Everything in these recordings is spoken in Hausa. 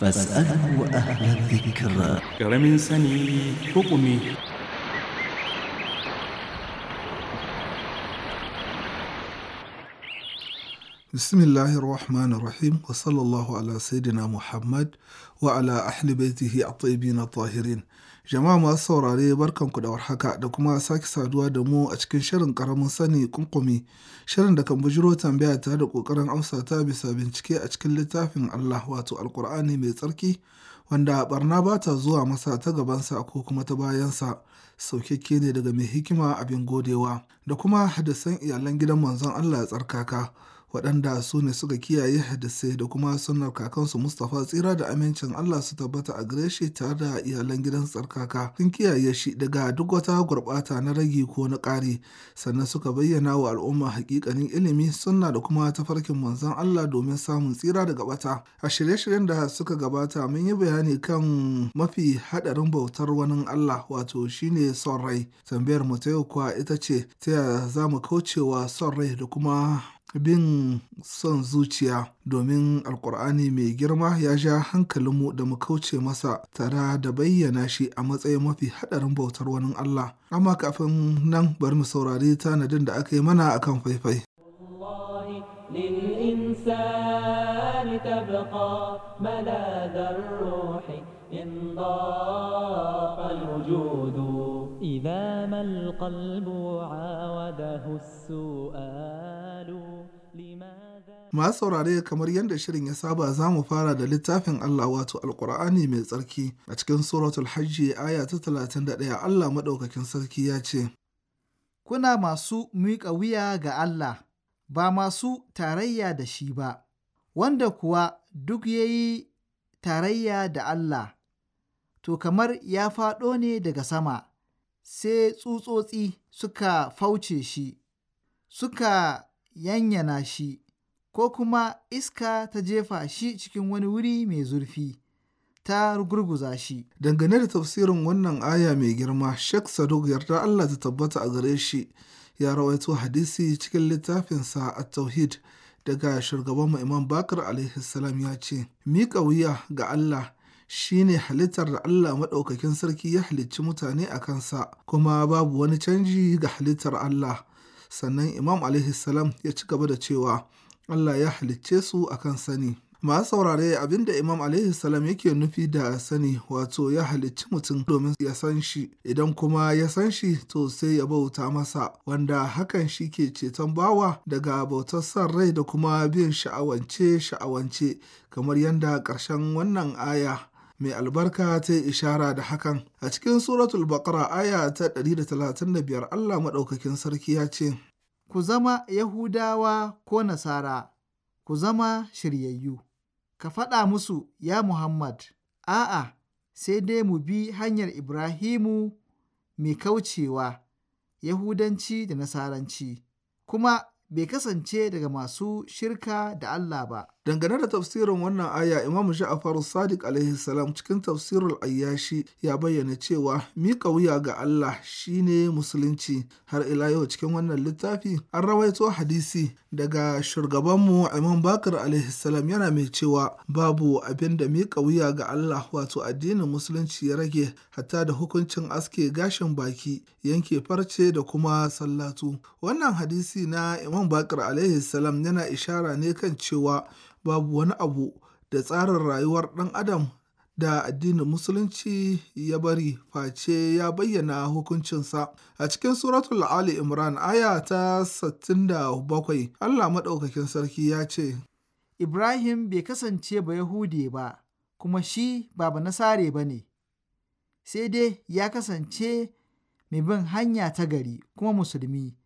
فاسأله أهل الذكر كرم سني حكمي بسم الله الرحمن الرحيم وصلى الله على سيدنا محمد وعلى أهل بيته الطيبين الطاهرين Jama'a masu saurare barkanku da warhaka da kuma sake saduwa da mu a cikin shirin karamin sani kunkumi shirin da kan bujiro tambaya ta da kokarin amsa ta bisa bincike a cikin littafin Allah wato Alkur'ani mai tsarki wanda barna ba ta zuwa masa ta gabansa ko kuma ta bayansa saukakke ne daga mai hikima abin godewa da kuma hadisan iyalan gidan manzon Allah ya tsarkaka waɗanda su ne suka kiyaye hadisai da kuma sunar kakansu Mustapha tsira da amincin Allah su tabbata a gare shi tare da iyalan gidan tsarkaka sun kiyaye shi daga duk wata gurɓata na ragi ko na ƙari sannan suka bayyana wa al'umma hakikanin ilimi sunna da kuma tafarkin manzon Allah domin samun tsira daga bata a shirye-shiryen da suka gabata mun yi bayani kan mafi haɗarin bautar wani Allah wato shine son rai tambayar mu ta yau kuwa ita ce ta yaya za mu kaucewa son rai da kuma bin son zuciya domin alkur'ani mai girma ya ja hankalinmu da mu kauce masa tare da bayyana shi a matsayin mafi hadarin bautar wani Allah. Amma kafin nan bari mu saurari tanadin da aka yi mana akan faifai. إذا ما القلب عاوده السؤال Ma saurare kamar yadda shirin ya saba za mu fara da littafin Allah wato Alƙur'ani mai tsarki a cikin suratul hajji aya ta talatin da ɗaya Allah maɗaukakin sarki ya ce, Kuna masu miƙa wuya ga Allah, ba masu tarayya da shi ba, wanda kuwa duk ya yi tarayya da Allah, to kamar ya faɗo ne daga sama, sai tsutsotsi suka fauce shi, suka yanyana shi, ko kuma iska ta jefa shi cikin wani wuri mai zurfi. ta rugurguza shi. Dangane da tafsirin wannan aya mai girma, Sheikh Sadok yarda Allah ta tabbata a gare shi ya rawaito hadisi cikin littafinsa a tauhid daga shugaban Imam Bakar alaihi salam ya ce, Miƙa wuya ga Allah shine halittar da Allah maɗaukakin sarki ya halicci mutane a kansa, kuma babu wani canji ga halittar Allah. sannan imam alaihi salam ya ci gaba da cewa allah ya halicce su a kan sani masu saurare abinda imam alaihi salam yake nufi da sani wato ya halicci mutum domin ya san shi idan kuma ya san shi to sai ya bauta masa wanda hakan shi ke ceton bawa daga bautar san rai da kuma bin sha'awance sha'awance kamar yadda ƙarshen wannan aya mai albarka ta yi ishara da hakan a cikin suratul baqara aya ta 135 Allah maɗaukakin sarki ya ce ku zama yahudawa ko nasara ku zama shiryayyu ka faɗa musu ya muhammad a'a sai dai mu bi hanyar ibrahimu mai kaucewa yahudanci da nasaranci kuma bai kasance daga masu shirka da Allah ba Dangane da tafsirin wannan aya, Imam sha'afaru Sadiq alaihi cikin tafsirul Ayyashi ya bayyana cewa miƙa wuya ga Allah shine musulunci. Har ila yau cikin wannan littafi an rawaito hadisi daga shugabanmu Imam Bakar alaihi yana mai cewa babu abin da miƙa wuya ga Allah wato addinin musulunci ya rage hatta da hukuncin aske gashin baki, yanke farce da kuma sallatu. Wannan hadisi na Imam Bakar alaihi yana ishara ne kan cewa babu wani abu da tsarin rayuwar ɗan adam da addinin musulunci ya bari face ya bayyana hukuncinsa. A cikin suratul Ali Imran aya ta 67 Allah maɗaukakin sarki ya ce, Ibrahim bai kasance ba Yahude ba, kuma shi ba Nasare ba ne, sai dai ya kasance mai bin hanya ta gari kuma musulmi,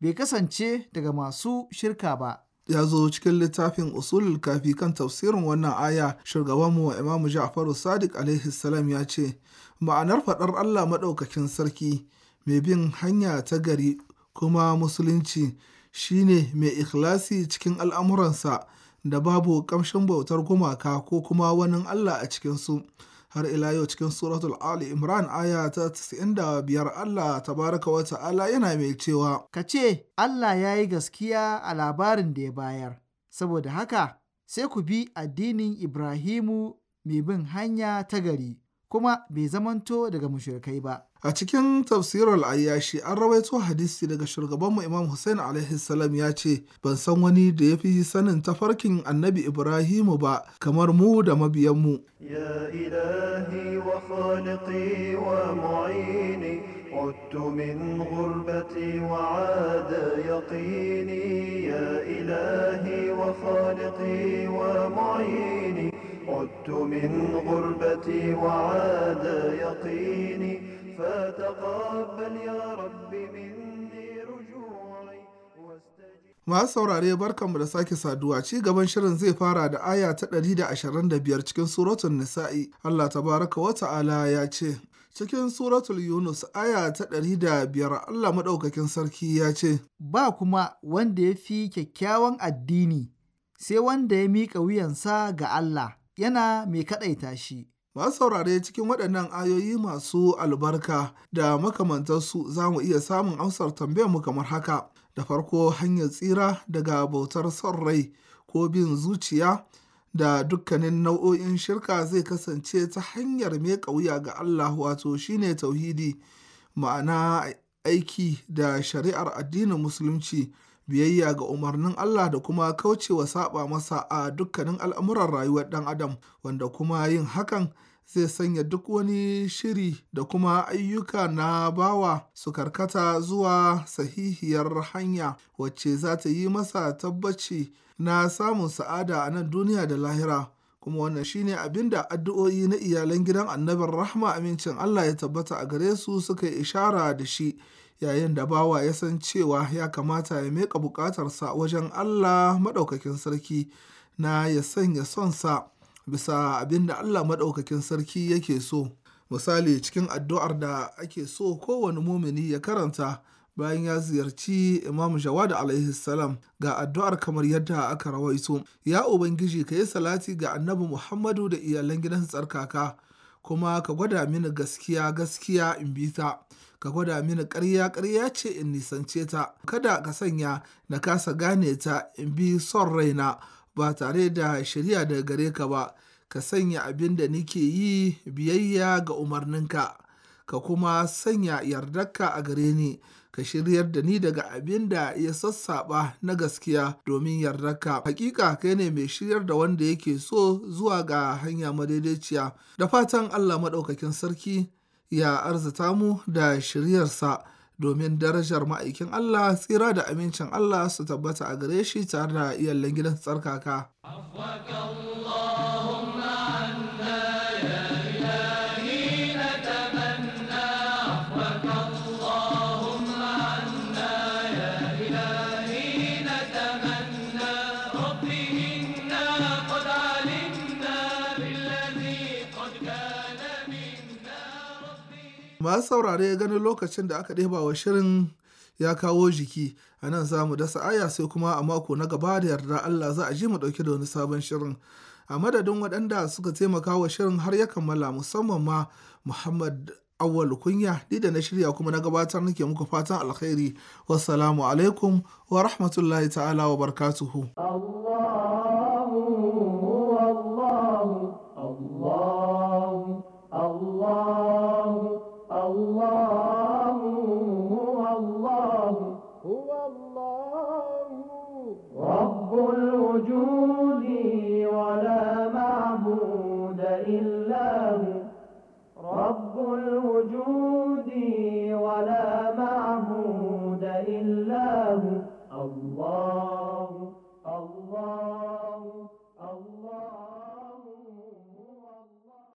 bai kasance daga masu shirka ba. ya zo cikin littafin usul kafi kan tafsirin wannan aya shugabanmu imamu ja'faru sadiq alaihi salam ya ce ma'anar faɗar allah maɗaukakin sarki mai bin hanya ta gari kuma musulunci shine mai ikhlasi cikin al'amuransa da babu ƙamshin bautar gumaka ko kuma wani allah a cikinsu har ila yau cikin suratul ali imran aya ta biyar allah tabaraka wa ta'ala yana mai cewa ka ce allah ya yi gaskiya a labarin da ya bayar saboda haka sai ku bi addinin ibrahimu mai bin hanya ta gari kuma bai zamanto daga mushrikai ba. A cikin tafsirar ayyashi an rawaito hadisi daga shugabanmu Imam Hussein alaihi salam ya ce, Ban san wani da ya fi sanin tafarkin annabi Ibrahimu ba kamar mu da mabiyanmu. Ya ilahi wa khaliqi wa mu'ini عدت من غربتي وعاد يقيني يا إلهي وخالقي ومعيني عدت من غربتي وعاد يقيني فتقبل يا رب مني رجوعي masu saurare barkanmu da sake saduwa ci gaban shirin zai fara da aya ta 125 cikin suratul nisa'i Allah tabaraka wa ta'ala ya ce cikin suratul yunus aya ta ɗari da biyar allah maɗaukakin sarki ya ce ba kuma wanda ya fi kyakkyawan addini sai wanda ya miƙa wuyansa ga allah yana mai kaɗaita shi. Masu saurare cikin waɗannan ayoyi masu albarka da makamantarsu za mu iya samun amsar tambayar mu kamar haka. Da farko hanyar tsira daga bautar son rai ko bin zuciya da dukkanin nau'o'in shirka zai kasance ta hanyar mai ƙauya ga Allah wato shine tauhidi ma'ana aiki da shari'ar addinin musulunci biyayya ga umarnin Allah da kuma kaucewa saba masa a dukkanin al'amuran rayuwar ɗan adam wanda kuma yin hakan zai sanya duk wani shiri da kuma ayyuka na bawa su karkata zuwa sahihiyar hanya wacce za ta yi masa tabbaci na samun sa'ada a nan duniya da lahira kuma wannan shine abin da addu'o'i na iyalan gidan annabin rahma amincin Allah ya tabbata a gare su suka yi ishara da shi yayin da bawa ya san cewa ya kamata ya meka bukatarsa wajen Allah maɗaukakin sarki na ya sanya sonsa bisa abin da Allah maɗaukakin sarki yake so misali cikin addu'ar da ake so kowane mumini ya karanta bayan ya ziyarci Imam Jawad alaihi salam ga addu'ar kamar yadda aka rawaito ya ubangiji ka yi salati ga Annabi Muhammadu da iyalan gidan tsarkaka kuma ka gwada mini gaskiya gaskiya in bi ta ka gwada mini karya karya ce in nisance ta kada ka sanya na kasa gane ta in bi son raina ba tare da shari'a daga gare ka ba ka sanya abin da nike yi biyayya ga umarninka ka kuma sanya yardarka a gare ni ka shiryar da ni daga abin da ya sassaɓa na gaskiya domin yardarka hakika kai ne mai shiryar da wanda yake so zuwa ga hanya madaidaiciya da fatan Allah maɗaukakin sarki ya arzita mu da shiryarsa domin darajar ma'aikin Allah tsira da amincin Allah su tabbata a gare shi tare da iyallen gidan tsarkaka. masu saurare ganin lokacin da aka ɗeba wa shirin ya kawo jiki a nan za mu dasa aya sai kuma a mako na gaba da yarda Allah za a ji mu ɗauki da wani sabon shirin a madadin waɗanda suka taimaka wa shirin har ya kammala musamman ma Muhammad Awwal kunya ni da na shirya kuma na gabatar nake muku fatan alkhairi wassalamu alaikum wa rahmatullahi ta'ala wa barkatuhu.